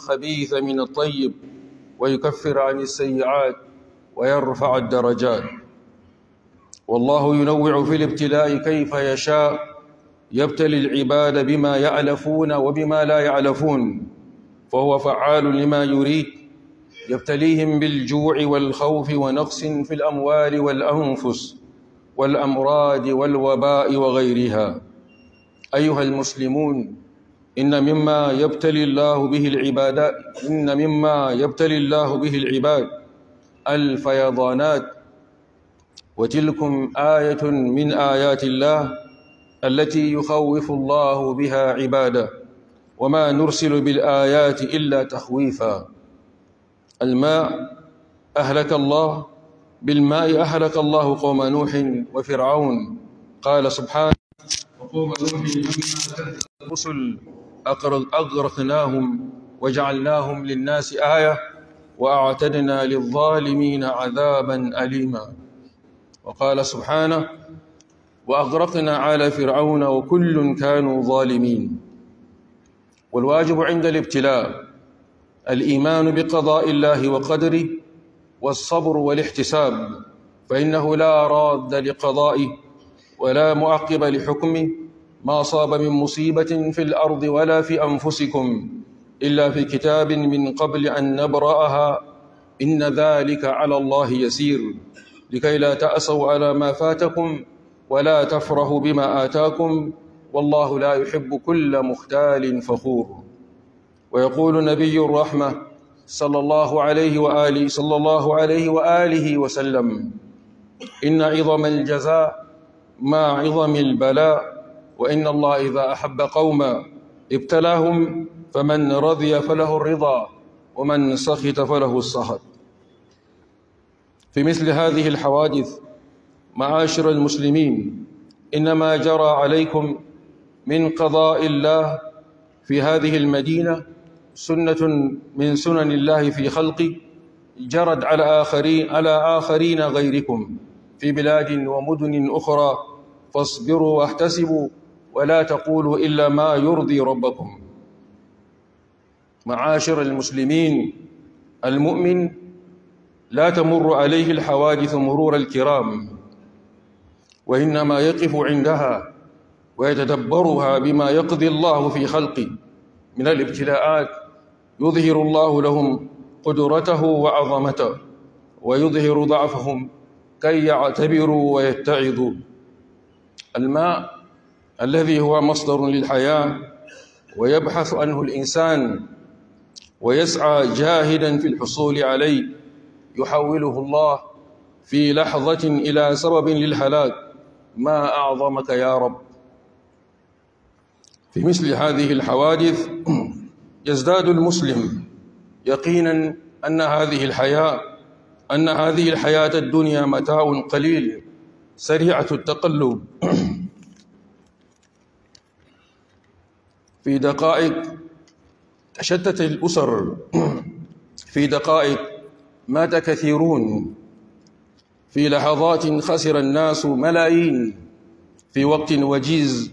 الخبيث من الطيب ويكفر عن السيئات ويرفع الدرجات والله ينوع في الابتلاء كيف يشاء يبتلي العباد بما يعلفون وبما لا يعلفون فهو فعال لما يريد يبتليهم بالجوع والخوف ونقص في الاموال والانفس والامراض والوباء وغيرها ايها المسلمون إن مما يبتلي الله به العباد إن مما يبتلي الله به العباد الفيضانات وتلكم آية من آيات الله التي يخوف الله بها عباده وما نرسل بالآيات إلا تخويفا الماء أهلك الله بالماء أهلك الله قوم نوح وفرعون قال سبحانه وقوم نوح لما كذب الرسل أغرقناهم وجعلناهم للناس آية وأعتدنا للظالمين عذابا أليما وقال سبحانه وأغرقنا على فرعون وكل كانوا ظالمين والواجب عند الابتلاء الإيمان بقضاء الله وقدره والصبر والاحتساب فإنه لا راد لقضائه ولا معقب لحكمه ما أصاب من مصيبة في الأرض ولا في أنفسكم إلا في كتاب من قبل أن نبرأها إن ذلك على الله يسير لكي لا تأسوا على ما فاتكم ولا تفرحوا بما آتاكم والله لا يحب كل مختال فخور ويقول نبي الرحمة صلى الله عليه وآله صلى الله عليه وآله وسلم إن عظم الجزاء ما عظم البلاء وإن الله إذا أحب قوما ابتلاهم فمن رضي فله الرضا ومن سخط فله السخط في مثل هذه الحوادث معاشر المسلمين إنما جرى عليكم من قضاء الله في هذه المدينة سنة من سنن الله في خلقه جرت على آخرين على آخرين غيركم في بلاد ومدن أخرى فاصبروا واحتسبوا ولا تقولوا إلا ما يرضي ربكم معاشر المسلمين المؤمن لا تمر عليه الحوادث مرور الكرام وإنما يقف عندها ويتدبرها بما يقضي الله في خلقه من الابتلاءات يظهر الله لهم قدرته وعظمته ويظهر ضعفهم كي يعتبروا ويتعظوا الماء الذي هو مصدر للحياة ويبحث عنه الإنسان ويسعى جاهدا في الحصول عليه يحوله الله في لحظة إلى سبب للهلاك ما أعظمك يا رب في مثل هذه الحوادث يزداد المسلم يقينا أن هذه الحياة أن هذه الحياة الدنيا متاع قليل سريعة التقلب في دقائق تشتت الأسر في دقائق مات كثيرون في لحظات خسر الناس ملايين في وقت وجيز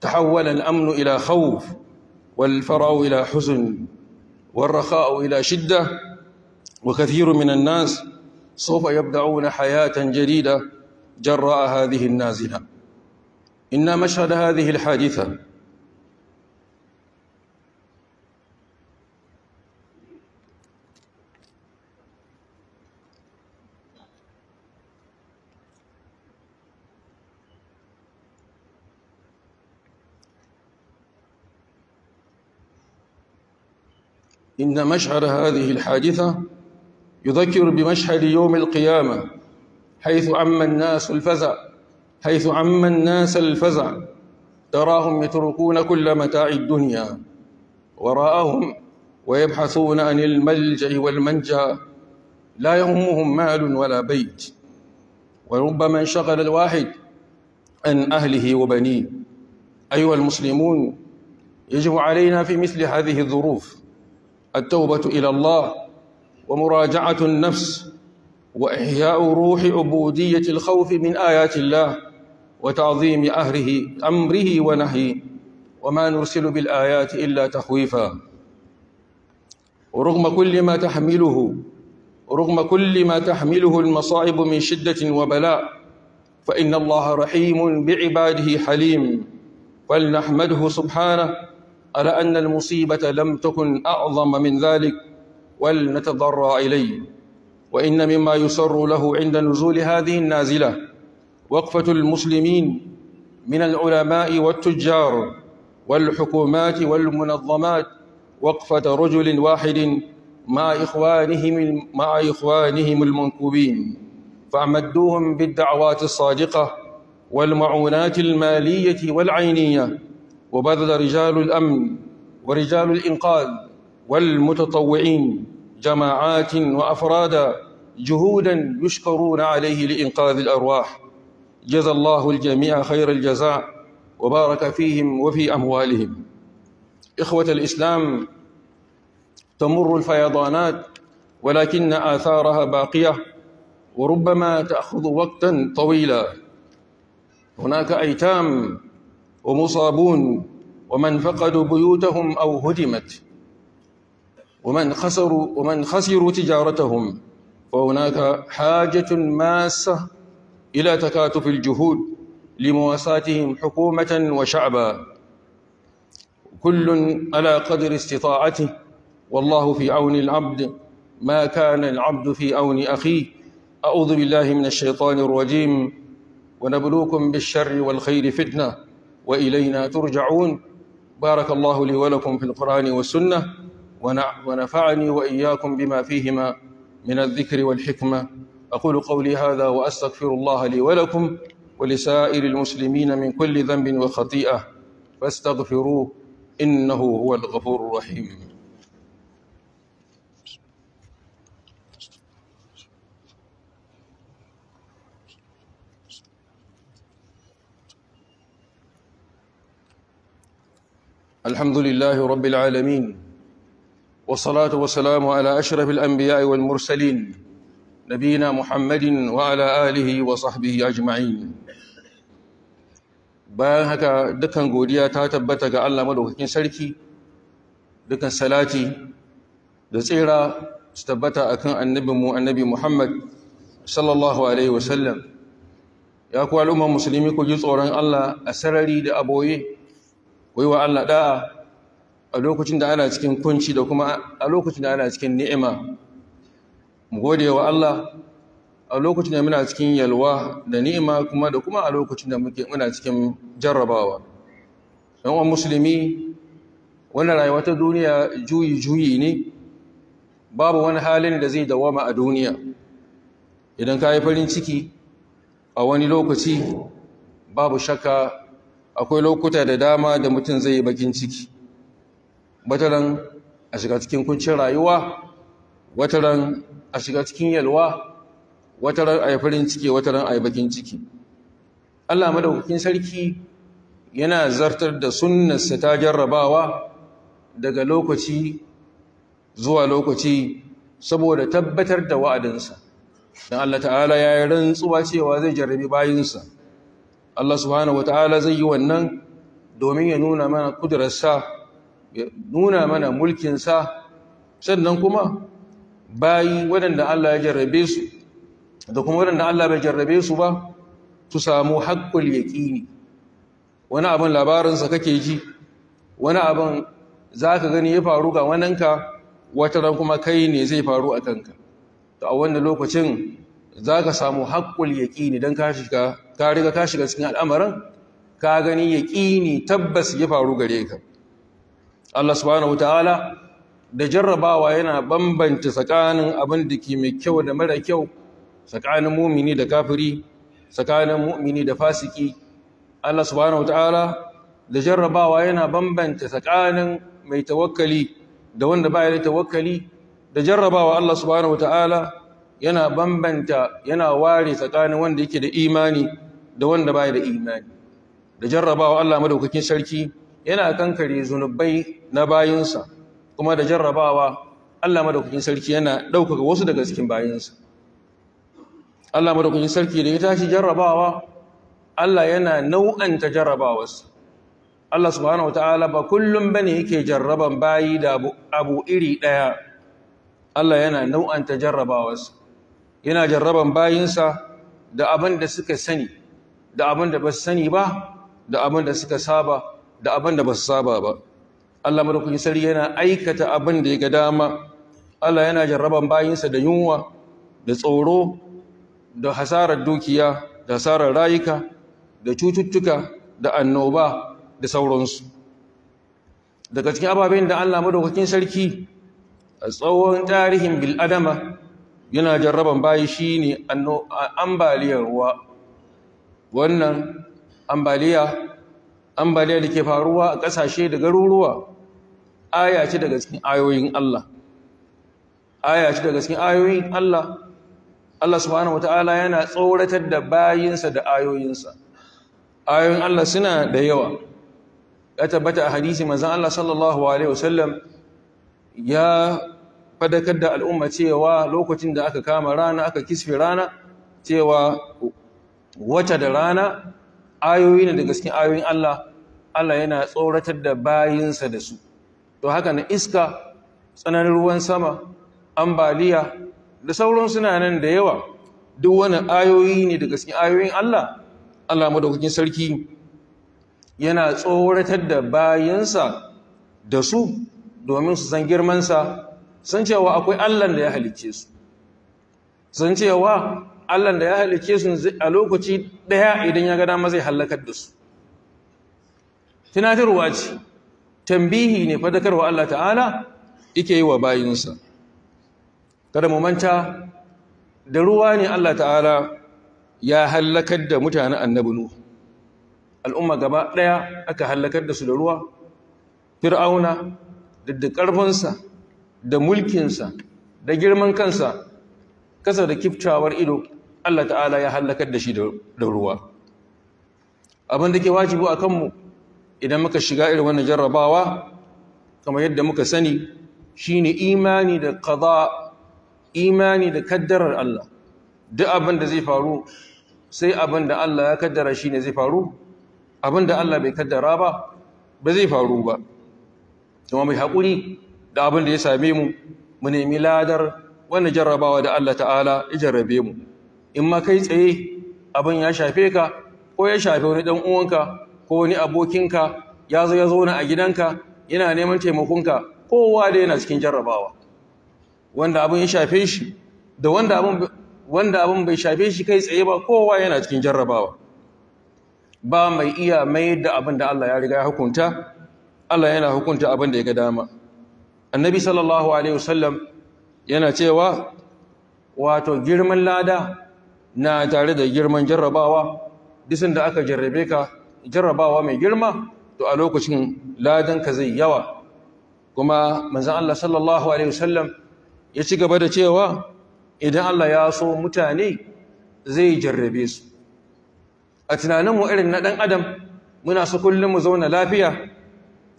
تحول الأمن إلى خوف والفرع إلى حزن والرخاء إلى شدة وكثير من الناس سوف يبدعون حياة جديدة جراء هذه النازلة إن مشهد هذه الحادثة إن مشعر هذه الحادثة يذكر بمشهد يوم القيامة حيث عم الناس الفزع حيث عم الناس الفزع تراهم يتركون كل متاع الدنيا وراءهم ويبحثون عن الملجأ والمنجا لا يهمهم مال ولا بيت وربما انشغل الواحد عن أهله وبنيه أيها المسلمون يجب علينا في مثل هذه الظروف التوبة إلى الله ومراجعة النفس وإحياء روح عبودية الخوف من آيات الله وتعظيم أهره أمره ونهيه وما نرسل بالآيات إلا تخويفا ورغم كل ما تحمله رغم كل ما تحمله المصائب من شدة وبلاء فإن الله رحيم بعباده حليم فلنحمده سبحانه ألا أن المصيبة لم تكن أعظم من ذلك ولنتضرع إليه وإن مما يسر له عند نزول هذه النازلة وقفة المسلمين من العلماء والتجار والحكومات والمنظمات وقفة رجل واحد مع إخوانهم مع إخوانهم المنكوبين فأمدوهم بالدعوات الصادقة والمعونات المالية والعينية وبذل رجال الأمن ورجال الإنقاذ والمتطوعين جماعات وأفرادا جهودا يشكرون عليه لإنقاذ الأرواح جزى الله الجميع خير الجزاء وبارك فيهم وفي أموالهم إخوة الإسلام تمر الفيضانات ولكن آثارها باقية وربما تأخذ وقتا طويلا هناك أيتام ومصابون ومن فقدوا بيوتهم أو هدمت ومن خسروا ومن خسروا تجارتهم فهناك حاجة ماسة إلى تكاتف الجهود لمواساتهم حكومة وشعبا كل على قدر استطاعته والله في عون العبد ما كان العبد في عون أخيه أعوذ بالله من الشيطان الرجيم ونبلوكم بالشر والخير فتنه وإلينا ترجعون بارك الله لي ولكم في القرآن والسنة ونفعني وإياكم بما فيهما من الذكر والحكمة أقول قولي هذا وأستغفر الله لي ولكم ولسائر المسلمين من كل ذنب وخطيئة فاستغفروه إنه هو الغفور الرحيم الحمد لله رب العالمين والصلاة والسلام على أشرف الأنبياء والمرسلين نبينا محمد وعلى آله وصحبه أجمعين bayan haka dukkan godiya ta tabbata ga Allah madaukakin sarki dukkan salati da tsira su tabbata akan annabi mu annabi Muhammad sallallahu alaihi wasallam ya ku al'ummar musulmi ku ji tsoron Allah a sarari da aboye ku wa Allah da a lokacin da ana cikin kunci da kuma a lokacin da ana cikin ni'ima mu gode wa Allah a lokacin da muna cikin yalwa da ni'ima kuma da kuma a lokacin da muke muna cikin jarrabawa don wa musulmi wannan rayuwa ta duniya juyi juyi ne babu wani halin da zai dawama a duniya idan ka yi farin ciki a wani lokaci babu shakka akwai lokuta da dama da mutum zai yi bakin ciki wataran a shiga cikin kuncin rayuwa wataran a shiga cikin yalwa wataran a yi farin ciki wataran a yi bakin ciki allah madaukakin sarki yana zartar da sunansa ta jarrabawa daga lokaci zuwa lokaci saboda tabbatar da wa'adinsa don allah ta'ala ya yi rantsuwa cewa zai jarrabi bayinsa Allah subhanahu wata'ala zai yi wannan domin ya nuna mana kudurarsa ya nuna mana mulkinsa sannan kuma bayi waɗanda Allah ya jarrabe su da kuma waɗanda Allah bai jarrabe su ba su samu haƙƙul yaƙini wani abin labarinsa kake ji wani abin za ka gani ya faru ga wananka wata ran kuma kai ne zai faru a kanka a wannan lokacin za ka samu haƙƙul yaƙini don ka riga ka shiga cikin al'amarin ka gani yaƙini tabbas ya faru gare ka Allah subhanahu ta'ala da jarrabawa yana bambanta tsakanin abin da ke mai kyau da mara kyau tsakanin mumini da kafiri tsakanin mumini da fasiki Allah subhanahu ta'ala da jarrabawa yana bambanta tsakanin mai tawakkali da wanda ba ya da tawakkali da jarrabawa Allah subhanahu ta'ala yana bambanta yana ware tsakanin wanda yake da imani da wanda bai da imani da jarrabawa Allah madaukakin sarki yana kankare zunubai na bayinsa kuma da jarrabawa Allah madaukakin sarki yana ɗaukaka wasu daga cikin bayinsa Allah madaukakin sarki da ya tashi jarrabawa Allah yana nau'anta jarrabawarsa Allah subhanahu wataala ba kullum bane yake jarraban bayi da abu, iri ɗaya Allah yana nau'anta jarrabawarsa yana jarraban bayinsa da abin da suka sani da abin da ba su sani ba da abin da suka saba da abin da ba su saba ba Allah madaukakin sarki yana aikata abin da ya ga dama Allah yana jarraban bayinsa da yunwa da tsoro da hasarar dukiya da hasarar rayuka da cututtuka da annoba da sauransu daga cikin ababen da Allah madaukakin sarki a tsawon tarihin bil'adama yana jarraban bayi shine ambaliyar ruwa wannan ambaliya ambaliya da ke faruwa a ƙasashe da garuruwa aya ce daga cikin ayoyin Allah aya ce daga cikin ayoyin Allah Allah subhanahu wataala yana tsoratar da bayinsa da ayoyinsa ayoyin Allah suna da yawa ya tabbata a hadisi manzon Allah sallallahu alaihi wasallam ya fadakar da al'umma cewa lokacin da aka kama rana aka kisfe rana cewa wata da rana ayoyi ne daga cikin ayoyin Allah Allah yana tsoratar da bayinsa da su to haka na iska tsananin ruwan sama ambaliya da sauran suna nan da yawa duk wani ayoyi ne daga cikin ayoyin Allah Allah madaukakin sarki yana tsoratar da bayinsa da su domin su san girmansa san cewa akwai allan da ya halicce su san cewa allan da ya halicce su a lokaci daya idan ya ga dama zai halakar da su tunatarwa ce tambihi ne fadakarwa Allah ta'ala yake yi wa bayinsa kada mu manta da ruwa ne Allah ta'ala ya hallakar da mutanen annabi al'umma gaba ɗaya aka hallakar da su da ruwa fir'auna da ƙarfinsa da mulkinsa da girman kansa kasa da kiftawar ido Allah ta'ala ya hallakar da shi da ruwa abin da ke wajibi a kanmu idan muka shiga irin wannan jarrabawa kamar yadda muka sani shine imani da qada imani da kaddarar Allah duk abin da zai faru sai abin da Allah ya kaddara shine zai faru abin da Allah bai kaddara ba ba zai faru ba kuma mai haƙuri da abin da ya same mu mu nemi ladar wani jarrabawa da Allah ta'ala ya jarrabe mu in ma kai tsaye abin ya shafe ka ko ya shafe wani dan uwanka ko wani abokinka ya zo ya zauna a gidanka yana neman taimakonka kowa da yana cikin jarrabawa wanda abin ya shafe shi da wanda abin wanda abin bai shafe shi kai tsaye ba kowa yana cikin jarrabawa ba mai iya mai da abin da Allah ya riga ya hukunta Allah yana hukunta abin da ya ga dama annabi sallallahu alaihi wasallam yana cewa wato girman lada na tare da girman jarrabawa disin da aka jarrabe ka jarrabawa mai girma to a lokacin ladanka zai yawa kuma manzon Allah sallallahu alaihi wasallam ya ci gaba da cewa idan Allah ya so mutane zai jarrabe su a tunaninmu irin na ɗan adam muna su kullum mu zauna lafiya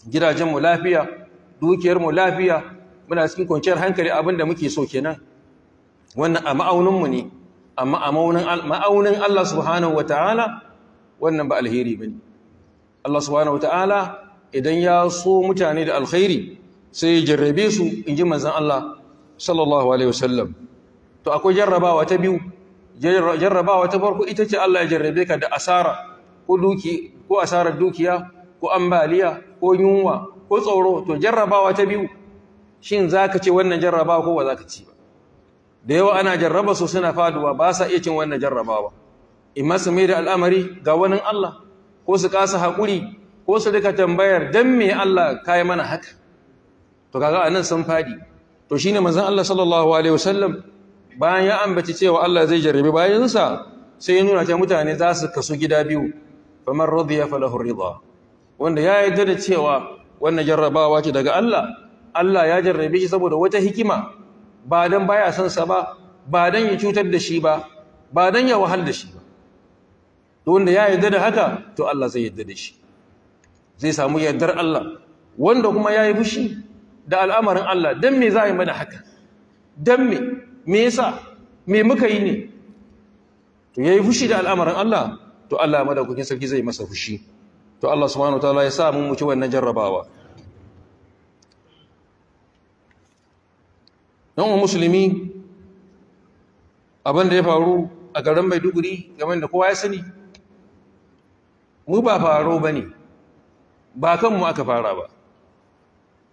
gidajenmu lafiya dukiyarmu lafiya muna cikin kwanciyar hankali abin da muke so kenan wannan a ma'auninmu ne amma a ma'aunin Allah subhanahu wa ta'ala wannan ba alheri ba ne Allah subhanahu wa ta'ala idan ya so mutane da alheri sai ya jarrabe su in ji manzan Allah sallallahu alaihi wasallam to akwai jarrabawa ta biyu jarrabawa ta farko ita ce Allah ya jarrabe ka da asara ko duki ko asarar dukiya ko ambaliya ko yunwa ko tsoro to jarrabawa ta biyu shin zaka ce wannan jarrabawa ko ba ka ci ba da yawa ana jarraba su suna faduwa ba sa iya cin wannan jarrabawa imma su mai da al'amari ga wani Allah ko su kasa haƙuri ko su rika tambayar dan me Allah kai mana haka to kaga anan sun fadi to shine manzon Allah sallallahu alaihi wasallam bayan ya ambaci cewa Allah zai jarrabi sa sai ya nuna ta mutane za su kasu gida biyu famar radiya falahu rida wanda ya yarda da cewa wannan jarrabawa ce daga Allah Allah ya jarrabe shi saboda wata hikima ba dan baya son sa ba ba dan ya cutar da shi ba ba dan ya wahal da shi ba to wanda ya yarda da haka to Allah zai yarda da shi zai samu yardar Allah wanda kuma yayi fushi da al'amarin Allah dan me za a yi mana haka dan me me yasa me muka yi ne to yayi fushi da al'amarin Allah to Allah madaukakin sarki zai masa fushi to Allah subhanahu wataala ya sa mun muci wannan jarrabawa don musulmi abin da ya faru a garin maiduguri game da kowa ya sani mu ba faru ba ne ba kanmu aka fara ba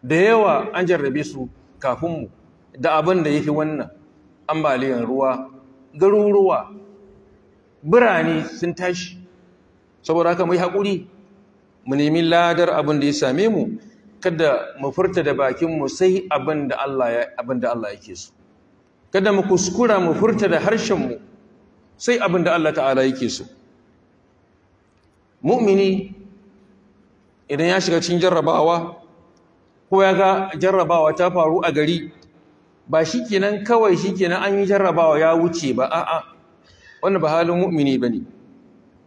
da yawa an jarrabe su kafinmu da abin da ya fi wannan ambaliyar ruwa garuruwa birane sun tashi saboda haka mai haƙuri mu nemi ladar abin da ya same mu kada mu furta da bakin sai abin da Allah ya abin yake so kada mu kuskura mu furta da harshen mu sai abin da Allah ta'ala yake so mu'mini idan ya shiga cikin jarrabawa ko ya ga jarrabawa ta faru a gari ba shikenan kawai shikenan an yi jarrabawa ya wuce ba a'a wannan ba halin mu'mini bane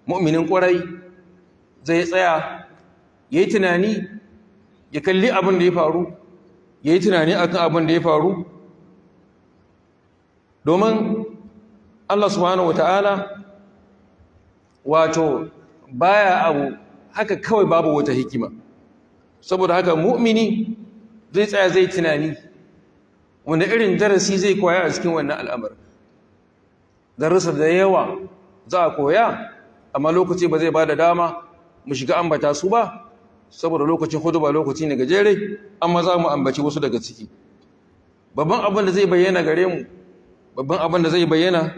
mu'minin ƙwarai zai tsaya ya yi tunani ya kalli abin da ya faru ya yi tunani akan abin da ya faru domin Allah subhanahu wa ta'ala wato baya abu haka kawai babu wata hikima saboda haka mu'mini zai tsaya zai tunani wanda irin darasi zai koya a cikin wannan al'amar darasar da yawa za a koya amma lokaci ba zai ba da dama mu shiga ambata su ba saboda lokacin huduba lokaci ne gajere amma za mu ambaci wasu daga ciki babban abin da zai bayyana gare mu babban abin da zai bayyana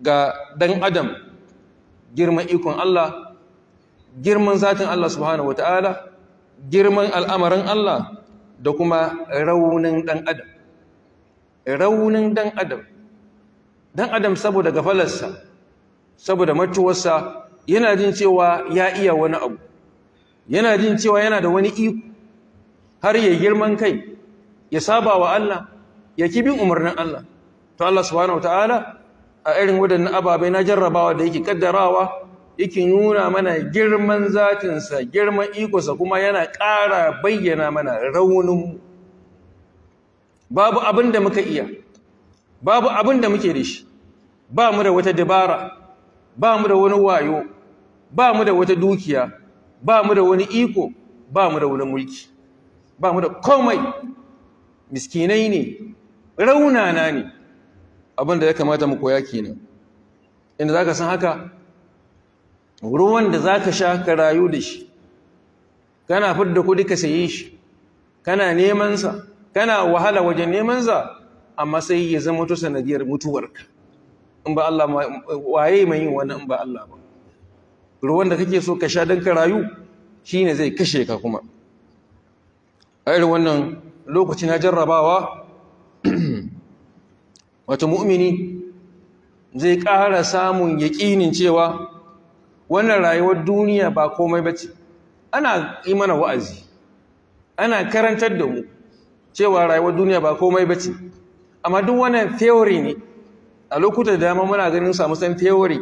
ga dan adam girman ikon Allah girman zatin Allah subhanahu wataala girman al'amarin Allah da kuma raunin dan adam raunin dan adam dan adam saboda gafalarsa saboda matuwarsa yana jin cewa ya iya wani abu yana jin cewa yana da wani iko har ya girman kai ya saba wa Allah ya kibin umarnin Allah to Allah subhanahu wataala a irin wadannan ababai na jarrabawa da yake kaddarawa yake nuna mana girman zatinsa girman ikonsa kuma yana ƙara bayyana mana rauninmu babu abin da muka iya babu abin da muke da shi ba mu da wata dabara ba mu da wani wayo ba mu da wata dukiya ba mu da wani iko ba mu da wani mulki ba mu da komai miskinai ne raunana ne abinda ya kamata mu koya kenan inda za ka san haka ruwan da za ka sha ka rayu da shi kana fidda kudi ka saye shi kana nemansa kana wahala wajen nemansa amma sai ya zama to sanadiyar mutuwarka in ba Allah waye mai yin wannan in ba Allah ba ruwan da kake so ka sha don ka rayu shine zai kashe ka kuma a irin wannan lokaci na jarrabawa wata mu'mini zai ƙara samun yaƙinin cewa wannan rayuwar duniya ba komai ba ce ana yi mana wa'azi ana karantar da mu cewa rayuwar duniya ba komai ba ce amma duk wannan theory ne a da dama muna ganin samu san theory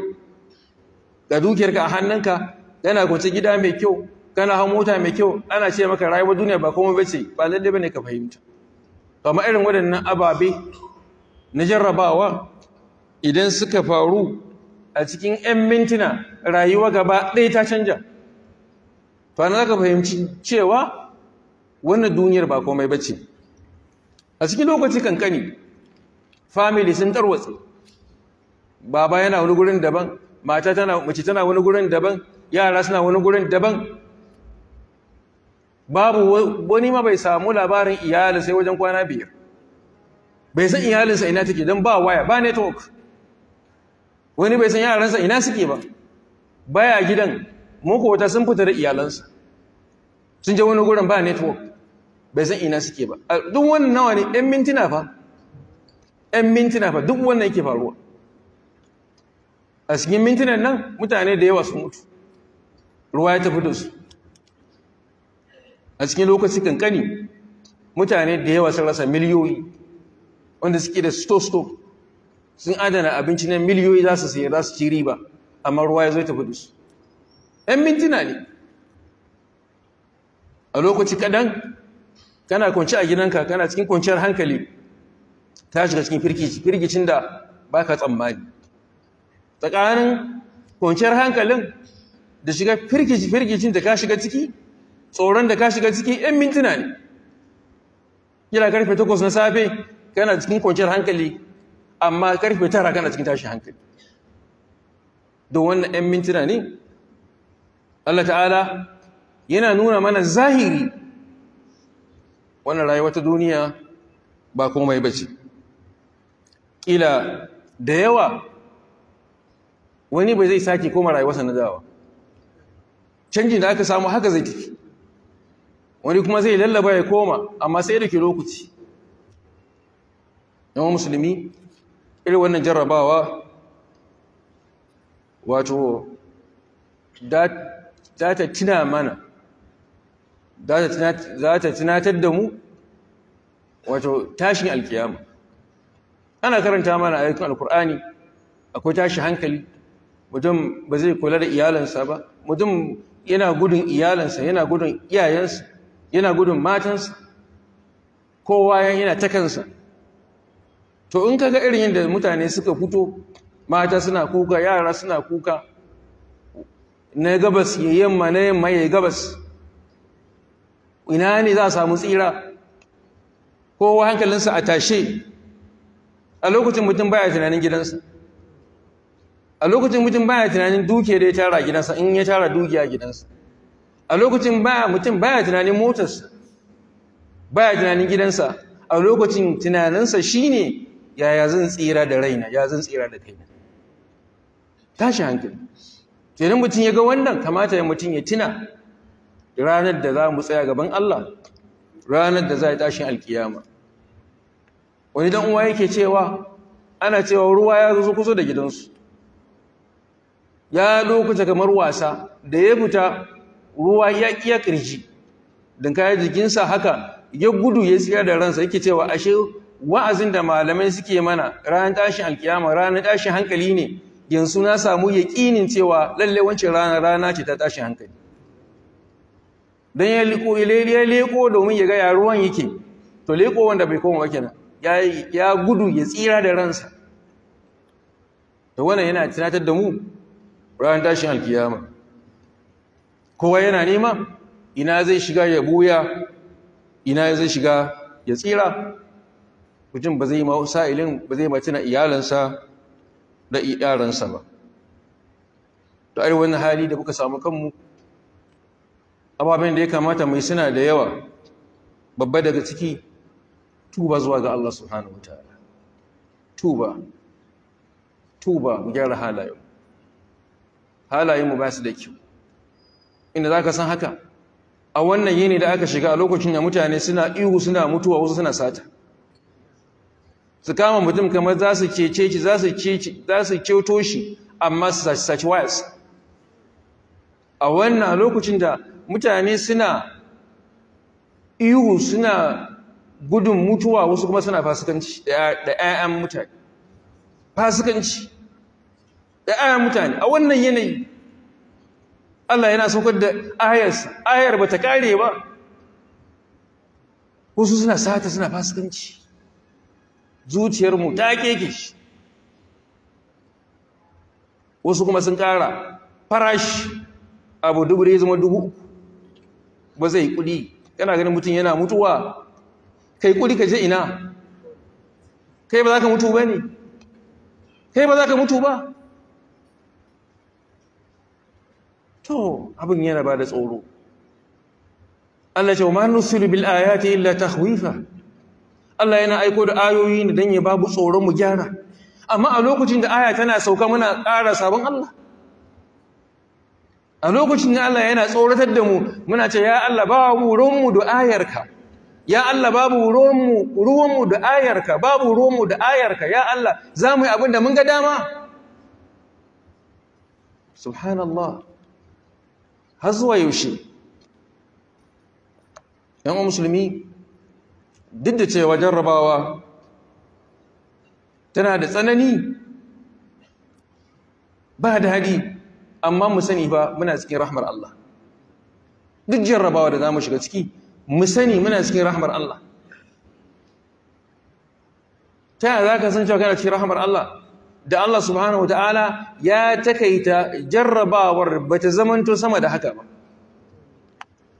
ga dukiyarka a hannunka kana kwace gida mai kyau kana hau mota mai kyau ana ce maka rayuwar duniya ba kuma bace ba lalle bane ka fahimta kamar irin waɗannan ababe na jarrabawa idan suka faru a cikin 'yan mintuna rayuwa gaba ɗaya ta canja to ana zaka fahimci cewa wannan duniyar ba komai bace a cikin lokaci kankani family sun tarwatsa baba yana wani gurin daban mata tana mace tana wani gurin daban yara suna wani gurin daban babu wani ma bai samu labarin iyalin sai wajen kwana biyar bai san iyalinsa ina take don ba waya ba network wani bai san yaransa ina suke ba baya gidan wata sun fita da iyalansa sun je wani gurin ba network bai san ina suke ba duk wannan nawa ne 'yan mintuna fa 'yan mintuna fa duk wannan yake faruwa a cikin mintunan nan mutane da yawa sun mutu ruwa ya tafi da su a cikin lokaci kankani mutane da yawa sun rasa miliyoyi wanda suke da sto-sto sun adana abinci na miliyoyi za su siya za su ci riba amma ruwa ya zo tafi da su ‘yan mintuna ne a lokaci kaɗan kana kwanci a gidanka kana cikin kwanciyar hankali ta shiga cikin firgicin da ba ka tsammani tsakanin kwanciyar hankalin da shiga firgicin da ka shiga ciki tsoron da ka shiga ciki 'yan mintuna ne yana karfe 8 na safe kana cikin kwanciyar hankali amma karfe 9 kana cikin tashi hankali don wannan 'yan mintuna ne Allah ta'ala yana nuna mana zahiri wannan rayuwa ta duniya ba komai bace Ƙila da yawa wani bai zai sake koma rayuwarsa na dawa canjin da aka samu haka zai tafi wani kuma zai lallaba ya koma amma sai da ke lokaci yawan musulmi irin wannan jarrabawa wato za ta tina mana za ta tunatar da mu wato tashin alkiyama ana karanta mana ayyukan alkur'ani akwai tashi hankali mutum ba zai kula da iyalansa ba mutum yana gudun iyalansa yana gudun iyayensa yana gudun matansa kowa yana ta kansa to in kaga irin yadda mutane suka fito mata suna kuka yara suna kuka na gabas ya yamma na yamma ya gabas ina ne za a samu tsira kowa hankalinsa a tashe a lokacin mutum baya tunanin gidansa a lokacin mutum baya tunanin duke da ya tara gidansa in ya tara a gidansa a lokacin baya mutum baya tunanin motarsa baya tunanin gidansa a lokacin tunaninsa shine yaya zan tsira da raina ya zan tsira da kaina tashi hankali tunanin mutum ya ga wannan kamata ya mutum ya tuna ranar da za mu tsaya gaban Allah ranar da za a tashin alkiyama wani dan uwa yake cewa ana cewa ruwa ya zo kusa da gidansu ya lokuta kamar wasa da ya fita ruwa ya kiya kirji don kaya jikinsa haka ya gudu ya tsira da ransa yake cewa ashe wa'azin da malamai suke mana ranar tashin alkiyama ranar tashin hankali ne yanzu na samu yaƙinin cewa lalle wancan rana rana ce ta tashin hankali Don ya liko ya leko domin ya ga ruwan yake to leko wanda bai koma wake nan ya gudu ya tsira da ransa to wannan yana tunatar da mu ranar tashin alkiyama kowa yana nema ina zai shiga ya buya ina zai shiga ya tsira mutum ba zai ma sa'ilin ba zai ma iyalansa da yaransa ba to ai wannan hali da kuka samu kanmu ababen da ya kamata mai suna da yawa babba daga ciki tuba zuwa ga Allah subhanahu wataala tuba tuba mu gyara halayen halayenmu ba su da kyau inda za ka san haka a wannan yini da aka shiga a lokacin da mutane suna ihu suna mutuwa wasu suna sata su kama mutum kamar za su cece shi za su kyoto shi amma su saci wayarsa. a wannan lokacin da mutane suna ihu suna gudun mutuwa wasu kuma suna fasikanci da 'ya'yan mutane fasikanci da ayan mutane a wannan yanayi Allah yana saukar da ayarsa ayar ta kare ba wasu suna sata suna fasikanci zuciyarmu ta keke shi wasu kuma sun kara farashi abu dubu da ya zama dubu ba zai kudi yana ganin mutum yana mutuwa kai kudi ka je ina kai ba za ka mutu ba ne kai ba za ka mutu ba to abin yana ba da tsoro Allah ce ma nusiru bil ayati illa takhwifa Allah yana aiko da ayoyi ne dan ya babu tsoron mu gyara amma a lokacin da aya tana sauka muna ƙara sabon Allah a lokacin da Allah yana tsoratar da mu muna ce ya Allah babu ruwanmu da ayarka ya Allah babu ruwanmu mu da ayarka babu ruwanmu da ayarka ya Allah za mu yi abin da mun ga dama subhanallah har zuwa yaushe yan musulmi duk da cewa jarrabawa tana da tsanani ba da hadi amma mu sani ba muna cikin rahmar Allah duk jarrabawa da za shiga ciki mu sani muna cikin rahmar Allah ta yaya za ka san cewa kana cikin rahmar Allah da Allah subhanahu wataala ya takaita jarrabawar bata zamanto sama da haka ba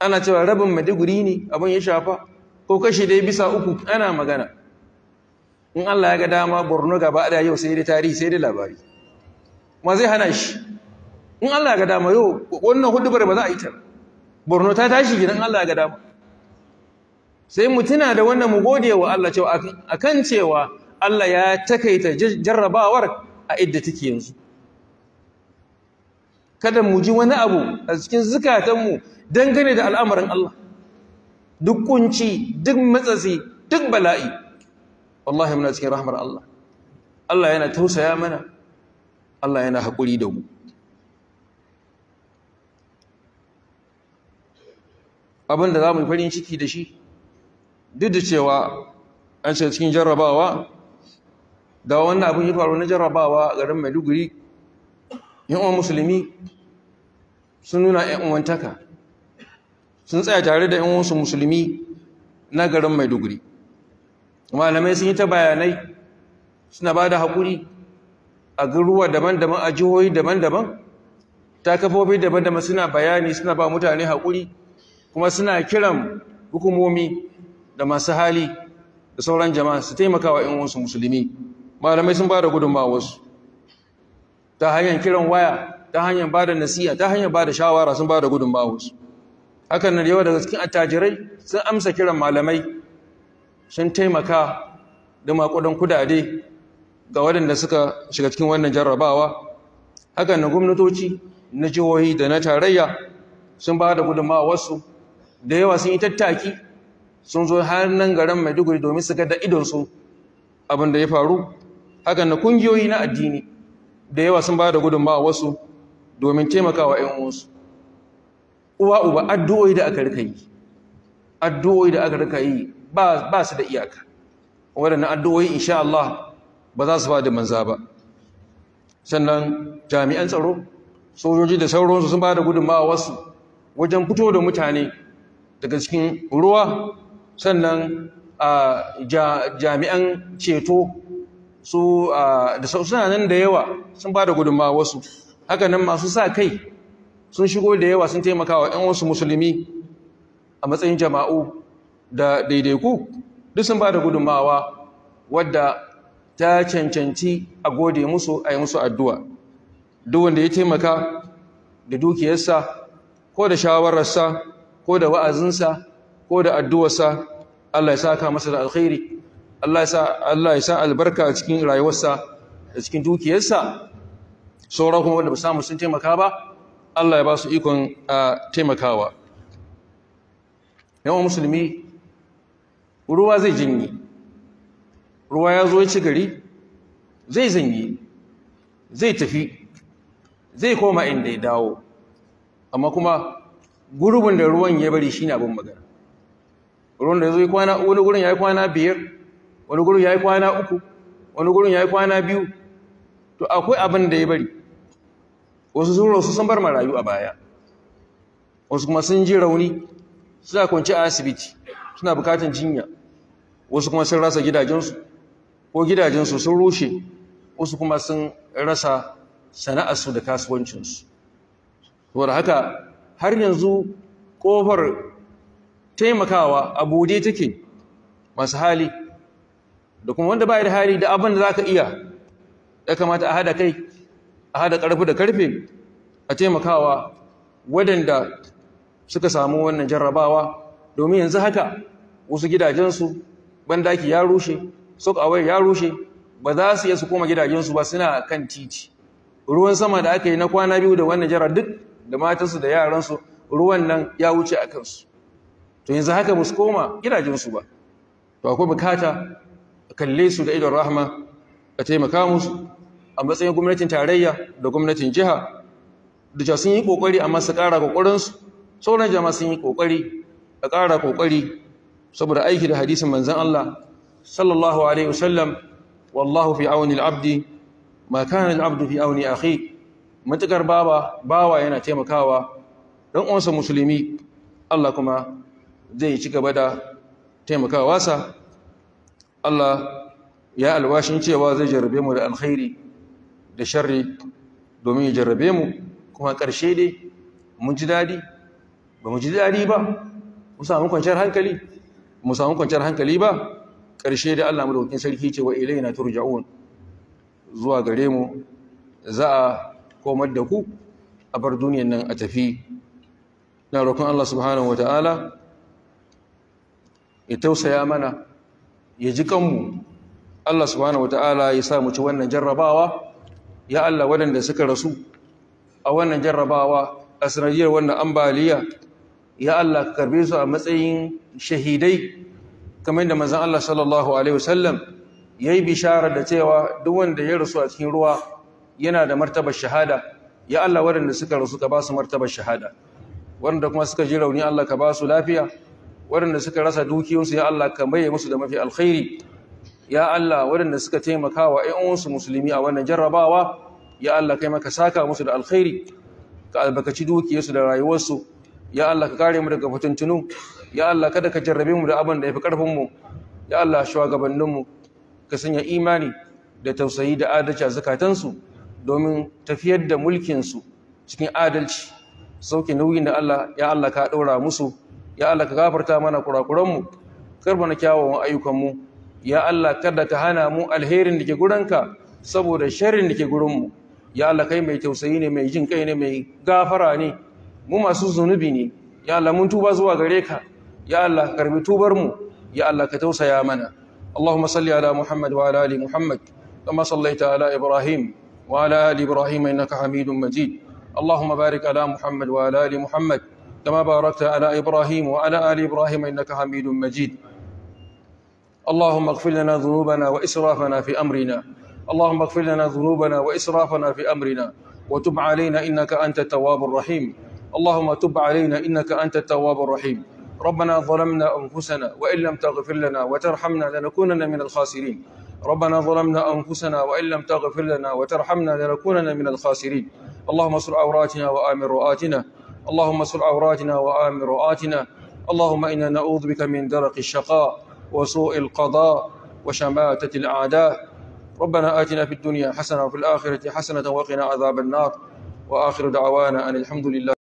ana cewa rabin maiduguri ne abin ya shafa ko kashi dai bisa uku ana magana in Allah ya ga dama Borno gaba da yau sai dai tarihi sai dai labari ma zai hana shi in Allah ya ga dama yau wannan hudubar ba za a yi ta Borno ta tashi gidan Allah ya ga dama sai mutuna da wannan mu gode wa Allah cewa akan cewa Allah ya takaita jarrabawar a idda take yanzu kada mu ji wani abu a cikin zukatanmu dangane da al'amarin Allah duk kunci duk matsatsi duk bala'i wallahi muna cikin rahmar Allah Allah yana tausaya mana Allah yana haƙuri da mu abin da za mu farin ciki da shi duk da cewa an ce cikin jarrabawa ga wannan abin ya faru na jarrabawa a garin maiduguri yan musulmi sun nuna yan sun tsaya tare da yan wasu musulmi na garin maiduguri malamai sun yi ta bayanai suna ba da haƙuri a garuwa daban-daban a jihohi daban-daban ta kafofi daban-daban suna bayani suna ba mutane haƙuri kuma suna kiran hukumomi da masu hali da sauran jama'a su taimaka wa 'yan wasu musulmi malamai sun ba da wasu ta hanyar kiran waya ta hanyar ba da nasiya ta hanyar ba da shawara sun ba da wasu. hakan na yawa daga cikin attajirai sun amsa kiran malamai sun taimaka da makudan kudade ga waɗanda suka shiga cikin wannan jarrabawa hakan na gwamnatoci na jihohi da na tarayya sun ba da wasu. da yawa sun yi tattaki sun zo har nan garin maiduguri domin su ga da idonsu abin da ya faru haka na kungiyoyi na addini da yawa sun ba da gudunmawa wasu domin taimakawa ‘yan wasu uwa uba addu'o'i da aka rika yi addu'o'i da aka rika yi ba su da iyaka waɗannan addu'o'i sha Allah ba za su ba da manza ba sannan jami'an tsaro sojoji da sauransu sun ba da gudunmawa wasu wajen fito da mutane daga cikin ruwa sannan ah, jami'an ceto su da suna nan da yawa sun ba da gudunma wasu haka nan masu sa kai sun shigo da yawa sun taimaka wa 'yan wasu musulmi a matsayin jama'u da daidaiku duk sun ba da gudunmawa wadda ta cancanci a gode musu a yi musu addu'a duk wanda ya taimaka da dukiyarsa ko da shawararsa ko da wa'azinsa ko da addu'arsa Allah ya saka masa da alkhairi Allah ya sa albarka a cikin rayuwarsa da cikin dukiyarsa sauran kuma wanda ba samu sun taimaka ba Allah ya ba su ikon taimakawa yawan musulmi ruwa zai jinyi ruwa ya zo ya ci gari zai zanyi zai tafi zai koma inda ya dawo amma kuma gurbin da ruwan ya bari shine abin magana ruwan da ya zo ya kwana wani gurin ya yi kwana biyar wani gurin ya yi kwana uku wani gurin ya yi kwana biyu to akwai abin da ya bari wasu sun rasu sun bar marayu a baya wasu kuma sun ji rauni suna kwanci a asibiti suna bukatan jinya wasu kuma sun rasa gidajensu ko gidajensu sun rushe wasu kuma sun rasa sana'arsu da kasuwancinsu wadda haka har yanzu ƙofar taimakawa a bude take masu hali da kuma wanda bai da hali da abin da ka iya ya kamata a hada kai a hada karfi da karfe a taimakawa wadanda suka samu wannan jarrabawa domin yanzu haka wasu gidajensu bandaki ya rushe sok awai ya rushe ba za su iya su koma gidajensu ba suna kan titi ruwan sama da aka yi na kwana biyu da wannan jarar duk da matansu da yaransu ruwan nan ya wuce a kansu to yanzu haka ba su koma gidajensu ba to akwai bukata kalle su da idon rahama a taimaka musu a matsayin gwamnatin tarayya da gwamnatin jiha da sun yi kokari amma su ƙara kokarinsu sauran jama'a sun yi kokari a ƙara kokari saboda aiki da hadisin manzan Allah sallallahu alaihi wasallam wallahu fi auni al-abdi ma kana al-abdu fi auni akhi matakar baba bawa yana taimakawa dan uwansa musulmi Allah kuma zai ci gaba da taimakawa sa Allah ya alwashin cewa zai jarrabe mu da alkhairi da sharri domin ya jarrabe mu kuma ƙarshe dai mun ji daɗi ba mu ji daɗi ba mu samu kwanciyar hankali mu samu kwanciyar hankali ba ƙarshe da Allah madaukakin sarki ce wa ilaina turja'un zuwa gare mu za a komar da ku a bar duniyar nan a tafi na roƙon Allah subhanahu wataala ya tausaya mana ya ji kanmu Allah subhanahu wata'ala ya sa mu ci wannan jarrabawa ya Allah waɗanda suka rasu a wannan jarrabawa a sanadiyar wannan ambaliya ya Allah ka karbe su a matsayin shahidai kamar da manzon Allah sallallahu alaihi wasallam yayi bishara da cewa duk wanda ya rasu a cikin ruwa yana da martabar shahada ya Allah waɗanda suka rasu ka ba su martabar shahada waɗanda kuma suka ji rauni Allah ka ba su lafiya waɗanda suka rasa dukiyarsu ya Allah ka maye musu da mafi alkhairi ya Allah waɗanda suka taimaka wa uwansu musulmi a wannan jarrabawa ya Allah kai maka saka musu da alkhairi ka albarkaci dukiyarsu da rayuwarsu ya Allah ka kare mu daga fatuntunu ya Allah kada ka jarrabe mu da abin da yafi karfin mu ya Allah shugabannin mu ka sanya imani da tausayi da adalci a zakatansu domin tafiyar da mulkin cikin adalci sauke nauyin da Allah ya Allah ka ɗaura musu ya Allah ka gafarta mana kurakuranmu Kar bana kyawawan ayyukanmu ya Allah kada ka hana mu alherin da ke gurinka saboda sharrin da ke gurinmu ya Allah kai mai tausayi ne mai jin kai ne mai gafara ne mu masu zunubi ne ya Allah mun tuba zuwa gare ka ya Allah ka karbi tubar mu ya Allah ka tausaya mana Allahumma salli ala Muhammad wa ala ali Muhammad kama sallaita ala Ibrahim wa ala ali Ibrahim innaka Hamidum Majid Allahumma barik ala Muhammad wa ala Muhammad كما باركت على إبراهيم وعلى آل إبراهيم إنك حميد مجيد اللهم اغفر لنا ذنوبنا وإسرافنا في أمرنا اللهم اغفر لنا ذنوبنا وإسرافنا في أمرنا وتب علينا إنك أنت التواب الرحيم اللهم تب علينا إنك أنت التواب الرحيم ربنا ظلمنا أنفسنا وإن لم تغفر لنا وترحمنا لنكونن من الخاسرين ربنا ظلمنا أنفسنا وإن لم تغفر لنا وترحمنا لنكونن من الخاسرين اللهم اصل عوراتنا وآمن رؤاتنا اللهم سر عوراتنا وآمن رؤاتنا اللهم إنا نعوذ بك من درق الشقاء وسوء القضاء وشماتة الأعداء ربنا آتنا في الدنيا حسنة وفي الآخرة حسنة وقنا عذاب النار وآخر دعوانا أن الحمد لله